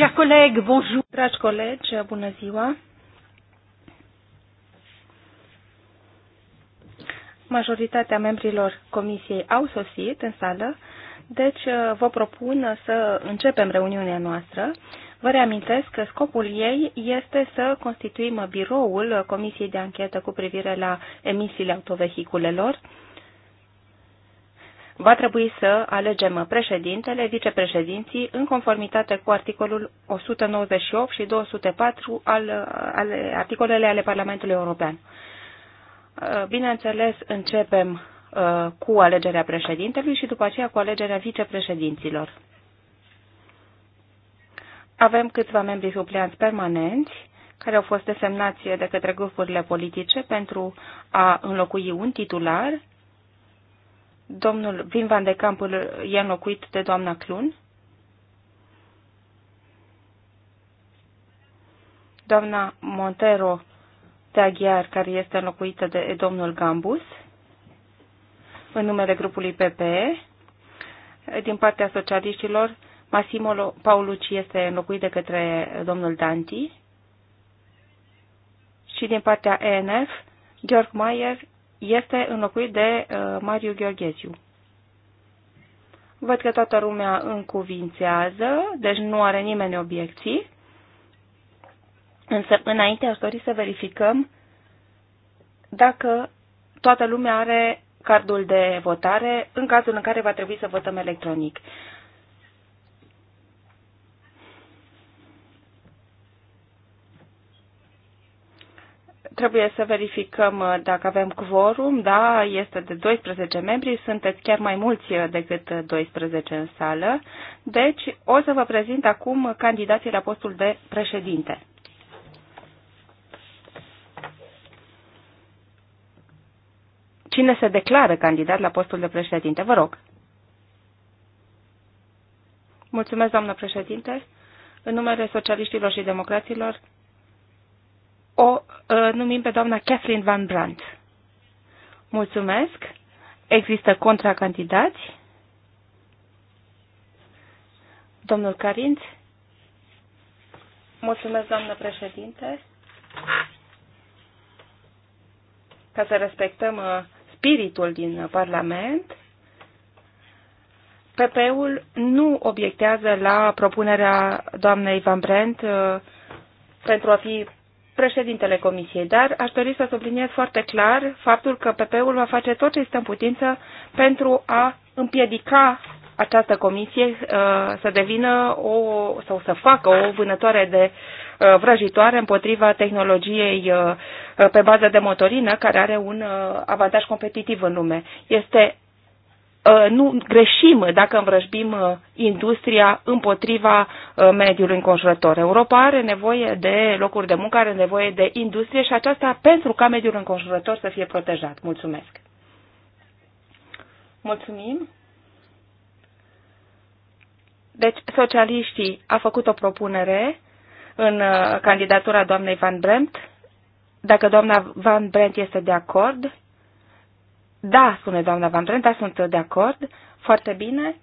Chers collègues, bonjour. Dragi colegi, bună ziua. Majoritatea membrilor comisiei au sosit în sală, deci uh, vă propun să începem reuniunea noastră. Vă reamintesc că scopul ei este să constituim biroul Comisiei de Anchetă cu privire la emisiile autovehiculelor, va trebui să alegem președintele, vicepreședinții, în conformitate cu articolul 198 și 204 al, ale, articolele ale Parlamentului European. Uh, bineînțeles, începem uh, cu alegerea președintelui și după aceea cu alegerea vicepreședinților. Avem câțiva membri supleanți permanenți care au fost desemnați de către grupurile politice pentru a înlocui un titular domnul Vin Van de Camp îl e înlocuit de doamna Clun. Doamna Montero de Aghiar, care este înlocuită de domnul Gambus, în numele grupului PPE. Din partea socialiștilor, Massimo Paulucci este înlocuit de către domnul Danti. Și din partea ENF, Georg Mayer este înlocuit de uh, Mariu Gheorghesiu. Văd că toată lumea încuvințează, deci nu are nimeni obiecții. Însă, înainte aș dori să verificăm dacă toată lumea are cardul de votare în cazul în care va trebui să votăm electronic. trebuie să verificăm uh, dacă avem quorum. Da, este de 12 membri, sunteți chiar mai mulți uh, decât 12 uh, în sală. Deci, o să vă prezint acum candidații la postul de președinte. Cine se declară candidat la postul de președinte? Vă rog. Mulțumesc, doamnă președinte. În numele socialiștilor și democraților, o uh, numim pe doamna Kathleen Van Brandt. Mulțumesc. Există contracandidați? Domnul Carinț? Mulțumesc, doamnă președinte. Ca să respectăm uh, spiritul din Parlament, PP-ul nu obiectează la propunerea doamnei Van Brandt uh, pentru a fi președintele Comisiei, dar aș dori să subliniez foarte clar faptul că PP-ul va face tot ce este în putință pentru a împiedica această comisie uh, să devină o, sau să facă o vânătoare de uh, vrăjitoare împotriva tehnologiei uh, pe bază de motorină, care are un uh, avantaj competitiv în lume. Este Uh, nu greșim dacă învrășbim uh, industria împotriva uh, mediului înconjurător. Europa are nevoie de locuri de muncă, are nevoie de industrie și aceasta pentru ca mediul înconjurător să fie protejat. Mulțumesc! Mulțumim! Deci, socialiștii a făcut o propunere în candidatura doamnei Van Bremt. Dacă doamna Van Bremt este de acord, da, spune doamna Van Brent, da, sunt de acord. Foarte bine.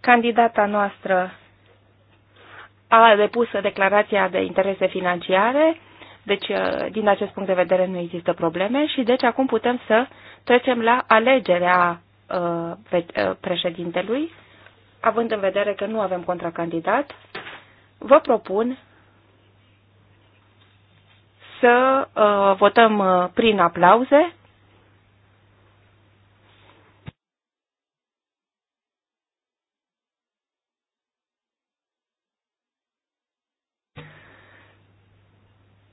Candidata noastră a depus declarația de interese financiare, deci uh, din acest punct de vedere nu există probleme și deci acum putem să trecem la alegerea uh, uh, președintelui, având în vedere că nu avem contracandidat, vă propun să uh, votăm uh, prin aplauze.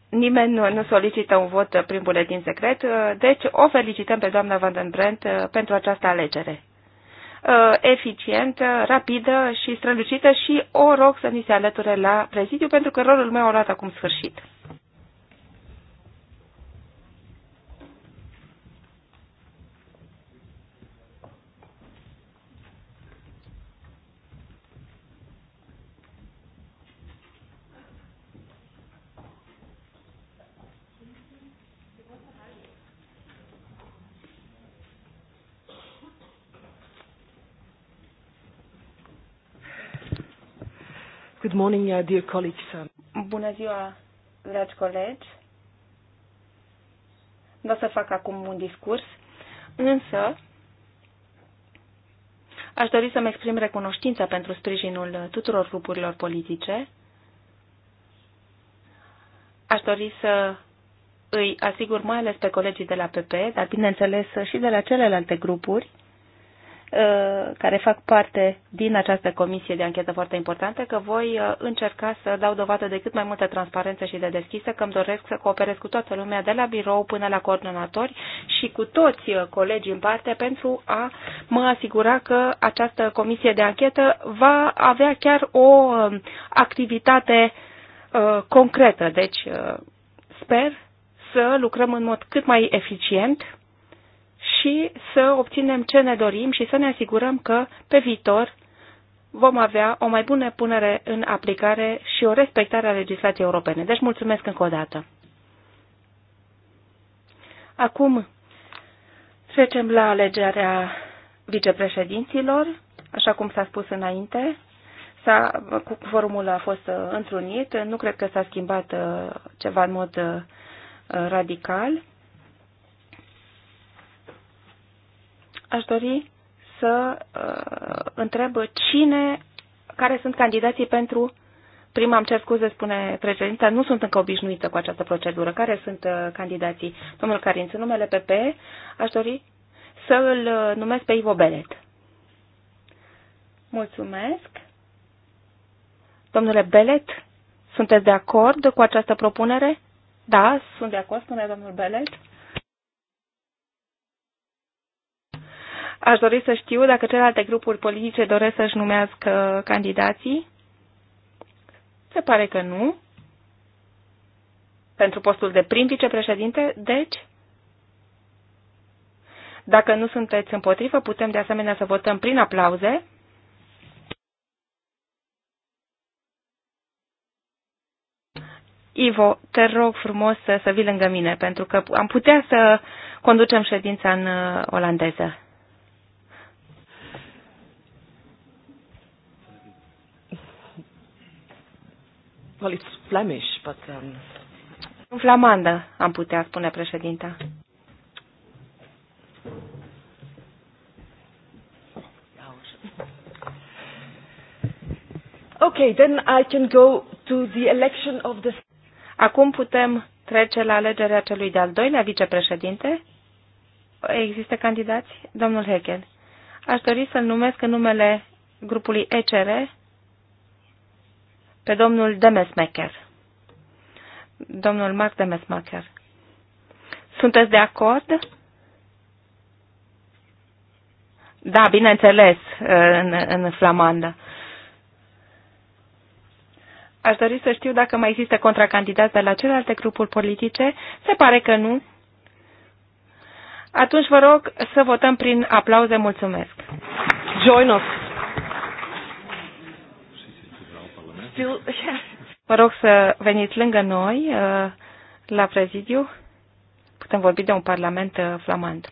Nimeni nu, nu solicită un vot prin buletin secret, uh, deci o felicităm pe doamna Van den uh, pentru această alegere. Uh, eficientă, rapidă și strălucită și o rog să ni se alăture la prezidiu pentru că rolul meu a luat acum sfârșit. Good morning, uh, dear colleagues. Um. Bună ziua, dragi colegi. Nu o să fac acum un discurs, însă aș dori să-mi exprim recunoștința pentru sprijinul tuturor grupurilor politice. Aș dori să îi asigur mai ales pe colegii de la PP, dar bineînțeles și de la celelalte grupuri, Uh, care fac parte din această comisie de anchetă foarte importantă, că voi uh, încerca să dau dovadă de cât mai multă transparență și de deschisă, că îmi doresc să cooperez cu toată lumea, de la birou până la coordonatori și cu toți uh, colegii în parte, pentru a mă asigura că această comisie de anchetă va avea chiar o um, activitate concretă. Deci, sper să lucrăm în mod cât mai eficient și să obținem ce ne dorim și să ne asigurăm că pe viitor vom avea o mai bună punere în aplicare și o respectare a legislației europene. Deci mulțumesc încă o dată. Acum trecem la alegerea vicepreședinților, așa cum s-a spus înainte. S-a, forumul a fost uh, întrunit, nu cred că s-a schimbat uh, ceva în mod uh, radical. aș dori să uh, întreb cine, care sunt candidații pentru Prima, am cer scuze, spune președinta, nu sunt încă obișnuită cu această procedură. Care sunt uh, candidații? Domnul Carinț, în numele PP, aș dori să îl uh, numesc pe Ivo Belet. Mulțumesc. Domnule Belet, sunteți de acord cu această propunere? Da, sunt de acord, spune domnul Belet. Aș dori să știu dacă celelalte grupuri politice doresc să-și numească candidații. Se pare că nu. Pentru postul de prim vicepreședinte, deci. Dacă nu sunteți împotrivă, putem de asemenea să votăm prin aplauze. Ivo, te rog frumos să, să vii lângă mine, pentru că am putea să conducem ședința în uh, olandeză. Well, it's Flemish, but... Um... În flamandă, am putea spune președinta. Okay, then I can go to the election of the... Acum putem trece la alegerea celui de-al doilea vicepreședinte. Există candidați? Domnul Hegel. Aș dori să-l numesc în numele grupului ECR pe domnul Demesmecher. Domnul Mark Demesmecher. Sunteți de acord? Da, bineînțeles, în, în flamandă. Aș dori să știu dacă mai există contracandidați de la celelalte grupuri politice. Se pare că nu. Atunci vă rog să votăm prin aplauze. Mulțumesc! Join us! still, yeah. Vă rog să veniți lângă noi uh, la prezidiu. Putem vorbi de un parlament uh, flamand.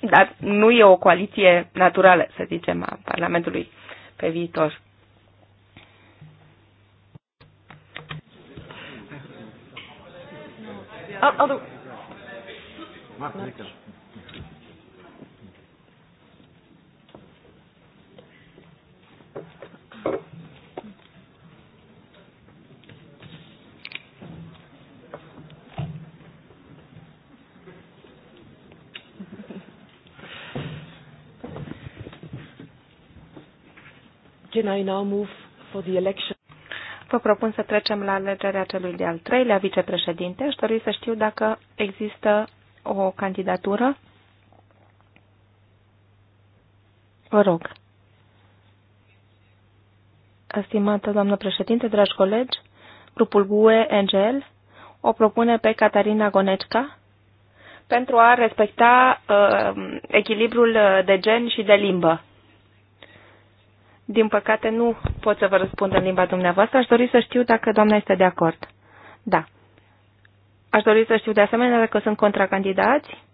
Dar nu e o coaliție naturală, să zicem, a Parlamentului pe viitor. Although, oh, oh, Can I now move for the election? Vă propun să trecem la alegerea celui de-al treilea vicepreședinte. Aș dori să știu dacă există o candidatură. Vă rog. Stimată doamnă președinte, dragi colegi, grupul GUE NGL o propune pe Catarina Gonecca pentru a respecta uh, echilibrul de gen și de limbă. Din păcate nu pot să vă răspund în limba dumneavoastră. Aș dori să știu dacă doamna este de acord. Da. Aș dori să știu de asemenea dacă sunt contracandidați.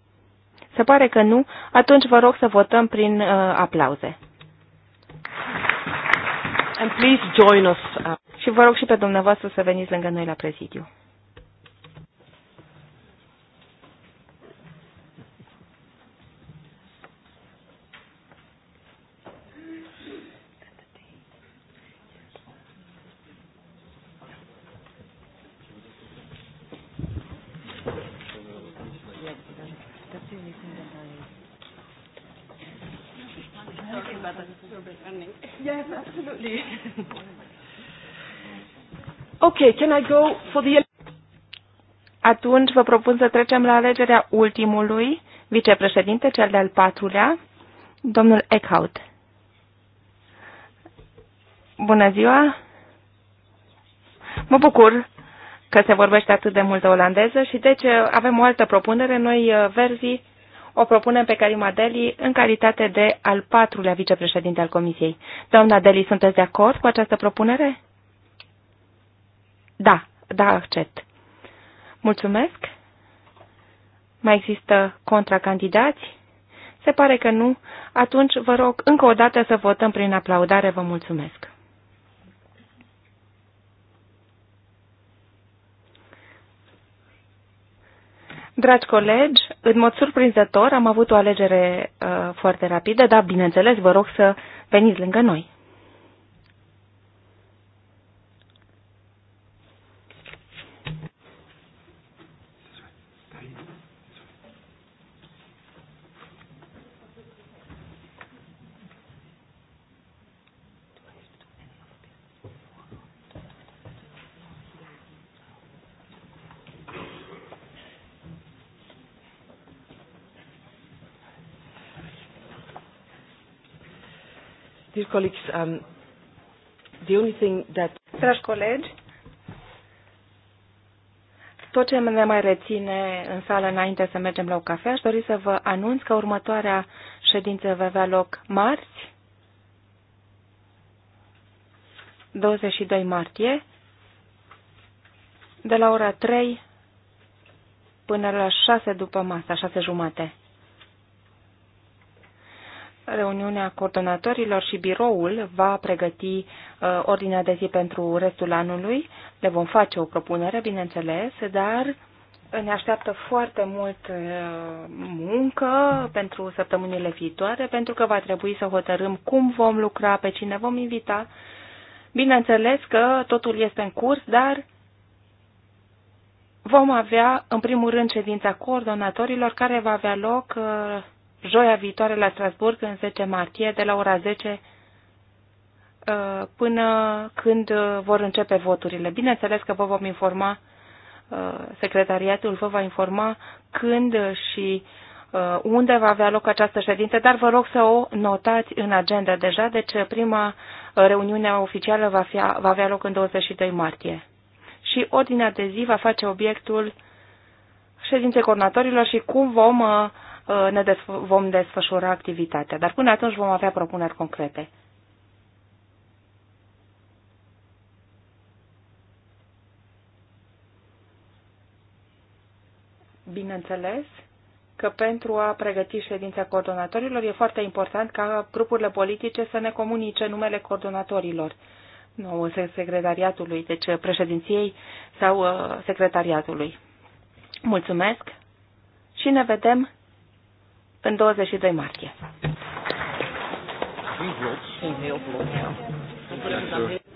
Se pare că nu. Atunci vă rog să votăm prin uh, aplauze. And please join us. Uh, și vă rog și pe dumneavoastră să veniți lângă noi la prezidiu. Okay, can I go for the... Atunci vă propun să trecem la alegerea ultimului vicepreședinte, cel de-al patrulea, domnul Eckhout. Bună ziua! Mă bucur că se vorbește atât de multă olandeză și deci avem o altă propunere. Noi, uh, verzii, o propunem pe Karima Deli în calitate de al patrulea vicepreședinte al Comisiei. Doamna Deli, sunteți de acord cu această propunere? Da, da, accept. Mulțumesc. Mai există contracandidați? Se pare că nu. Atunci vă rog încă o dată să votăm prin aplaudare. Vă mulțumesc. Dragi colegi, în mod surprinzător am avut o alegere uh, foarte rapidă, dar bineînțeles vă rog să veniți lângă noi. Dear colleagues, um, the only thing that... Dragi colegi, tot ce ne mai reține în sală înainte să mergem la o cafea, aș dori să vă anunț că următoarea ședință va avea loc marți, 22 martie, de la ora 3 până la 6 după masa, 6 jumate reuniunea coordonatorilor și biroul va pregăti uh, ordinea de zi pentru restul anului. Le vom face o propunere, bineînțeles, dar ne așteaptă foarte mult uh, muncă pentru săptămânile viitoare, pentru că va trebui să hotărâm cum vom lucra, pe cine vom invita. Bineînțeles că totul este în curs, dar vom avea, în primul rând, ședința coordonatorilor care va avea loc uh, joia viitoare la Strasburg, în 10 martie, de la ora 10 uh, până când uh, vor începe voturile. Bineînțeles că vă vom informa, uh, secretariatul vă va informa când și unde va avea loc această ședință, dar vă rog să o notați în agenda deja, deci prima reuniune oficială va, fi, va avea loc în 22 martie. Și ordinea de zi va face obiectul ședinței coordonatorilor și cum vom Uh, ne desf- vom desfășura activitatea. Dar până atunci vom avea propuneri concrete. Bineînțeles că pentru a pregăti ședința coordonatorilor e foarte important ca grupurile politice să ne comunice numele coordonatorilor nu secretariatului, deci uh, președinției sau uh, secretariatului. Mulțumesc și ne vedem în 22 martie. Thank you. În vlog,